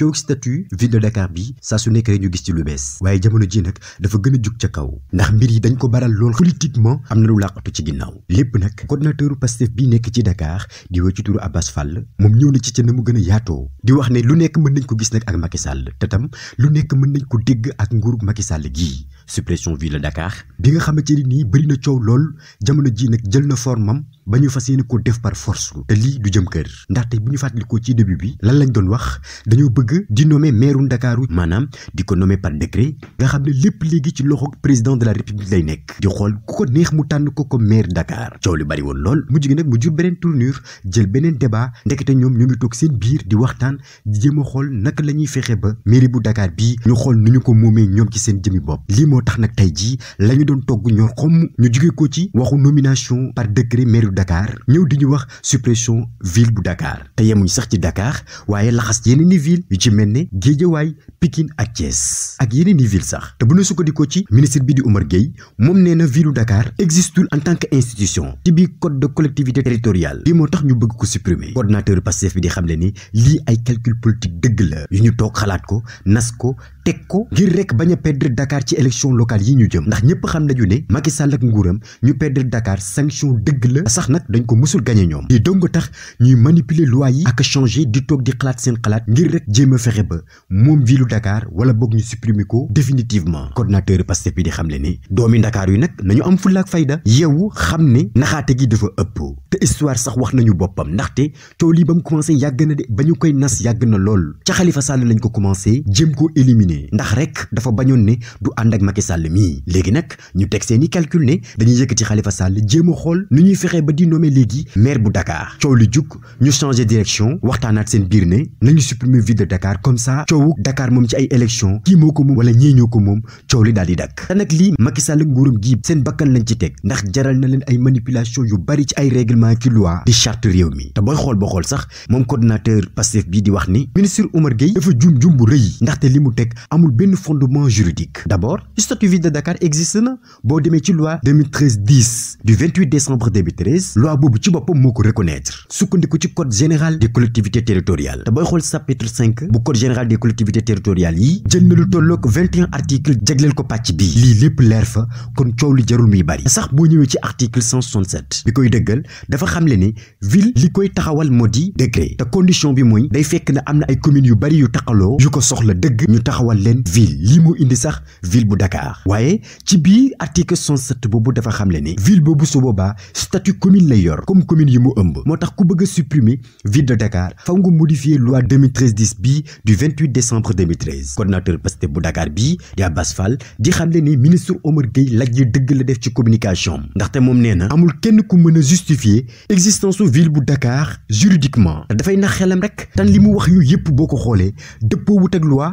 coog statut ville de Dakar bi saa su nekk rek ñu gis ci lu bees waaye jamono ji nag dafa gën a jug ca kaw ndax mbir yi dañ ko baral lool politiquement am na lu làqatu ci ginnaaw lépp nag coordonnateur Pastef bii nekk ci Dakar di woo ci turu Abbas Fall moom ñëw na ci ca na mu gën a yaatoo di wax ne lu nekk mën nañ ko gis nag ak Macky Sall te tam lu nekk mën nañ ko dégg ak nguurug Macky Sall gii suppression ville de Dakar bi nga xamante ni nii bëri na coow lool jamono ji nag jël na formam ba ñu fas yéene ko def par force te lii du jëm kër ndaxte bu ñu fàttalikoo ci début bi lan lañ doon wax dañoo bëgg di nommer meeru Ndakaaru maanaam di ko nommer par décret nga xam ne lépp léegi ci loxo président de la république lay nekk di xool ku ko neex mu tànn ko ko maire Dakar coow li bari woon lool mujj gi nag mu jur beneen tournure jël beneen débat ndekete ñoom ñu ngi toog seen biir di waxtaan di jéem a xool naka la ñuy fexe ba mairie bu Dakar bii ñu xool nu ñu ko moomee ñoom ci seen jëmi bopp lii moo tax nag tey jii la ñu doon togg ñor xomm ñu jugee ko ci waxu nomination par décret maire mairie Dakar ñëw di ñu wax suppression ville bu Dakar te yemuñ sax ci Dakar waaye laxas yeneen i ville yu ci mel ne Géejawaay Pikine ak Thiès ak yeneen i ville sax te bu ñu sukkandikoo ci ministre bi di Oumar Gueye moom nee na ville bu Dakar existul en tant que institution ci biir code de collectivité territoriale lii moo tax ñu bëgg ko supprimer coordonnateur Pastef bi di xamle ni lii ay calcul politique dëgg la yu ñu toog xalaat ko nas ko teg ko ngir rek bañ a perdre ci élection locale yi ñu jëm ndax ñëpp xam nañu ne Macky Sall ak nguuram ñu perdre Dakar sanction dëgg la sax nag dañ ko mësul gañe ñoom di dong tax ñuy manipuler loi yi ak changer di toog di xalaat seen xalaat ngir rek jéem a fexe ba moom ville Dakar wala boog ñu supprimer ko définitivement coordonnateur Pastef bi di xam ne ne doomi Dakar yu nag nañu am fulla ak fayda yeewu xam ne naxaate gi dafa ëpp te histoire sax wax nañu boppam ndaxte ba mu yàgg na ba ñu koy nas yàgg na lool nii ndax rek dafa bañoon ne du ànd ak Macky Sall léegi nag ñu teg seen i calcul ne dañuy yëkkati Khalifa Sall jéem xool nu ñuy fexee ba di nommé léegi maire bu Dakar coow li jug ñu changé direction waxtaanaat seen biir ne nañu supprimer ville de Dakar comme ça coowu Dakar moom ci ay élection kii moo ko moom wala ñii ñoo ko moom coow li daal di dakk te nag li Macky Sall nguuram gi seen bakkan lañ ci teg ndax jaral na leen ay manipulation yu bari ci ay règlement ci loi di charte réew mi xool ba xool amul benn fondement juridique d'abord statut ville de Dakar existe na boo demee ci loi du décembre loi boobu ci boppam moo ko reconnaître sukkandiku ci code général des collectivités territoriales te xool chapitre bu code général des collectivités territoriales yi jël na lu tolloog 21 articles jagleel ko pàcc bii lii lépp leer fa kon coow li jarul muy bari sax boo ñëwee ci article 167 bi koy dëggal dafa xamle ne ville li koy taxawal moo di décret te condition taxawal leen ville lii moo indi sax ville bu Dakar waaye ci biir article 67 boobu dafa xamle ni ville boobu su boobaa statut commune lay yor comme commune yi mu ëmb moo tax ku bëgg a supprimer ville de Dakar faw nga modifier loi 2013 10 bii du 28 décembre 2013 coordonnateur bu Dakar bii di Abass Fall di xamle ni ministre Omar Gueye lajj dëgg la def ci communication am ndaxte moom nee na amul kenn ku mën a justifier existence su ville bu Dakar juridiquement dafay nax xelam rek tan li mu wax yu yëpp boo ko xoolee dëppoowut ak loi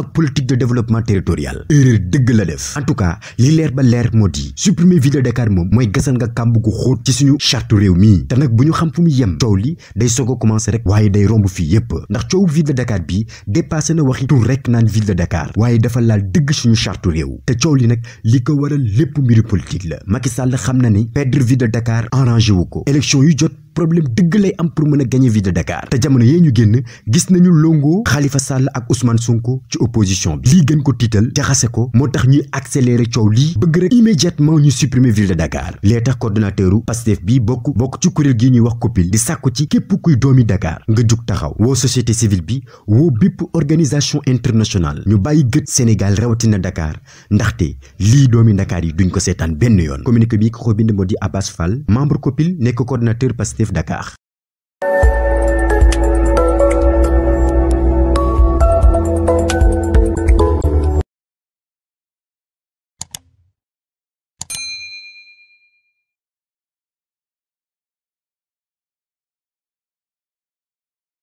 ak politique de développement territorial erreur dëgg la def en tout cas li leer ba leer moo di supprimer ville de Dakar moom mooy gasal nga kàmb gu xóot ci suñu charte réew mii te nag bu ñu xam fu mu yem coow li day soog a commencé rek waaye day romb fii yépp ndax coow ville de bi dépassé na waxi tur rek naan ville de Dakar waaye dafa laal dëgg suñu charte réew te coow li nag li ko waral lépp mbiru politique la Macky xam na ni perdre ville de Dakar wu ko élection yu problème dëgg lay am pour mën a gagner ville de Dakar te jamono yee ñu génn gis nañu longo Khalifa Sall ak Ousmane Sonko ci opposition bi lii gën ko tiital jaxase ko moo tax ñuy accélérer coow lii bëgg rek immédiatement ñu supprimer ville de Dakar lee tax coordonnateuru Pastef bi bokk bokk ci kuréel gi ñuy wax koppil di sàkku ci képp kuy doomi Dakar nga jug taxaw woo société civile bi woo bépp organisation internationale ñu bàyyi gët Sénégal rawatina Dakar ndaxte lii doomi Dakar yi duñ ko seetaan benn yoon communiqué bi ko ko bind moo di Abbas Fall membre Dakar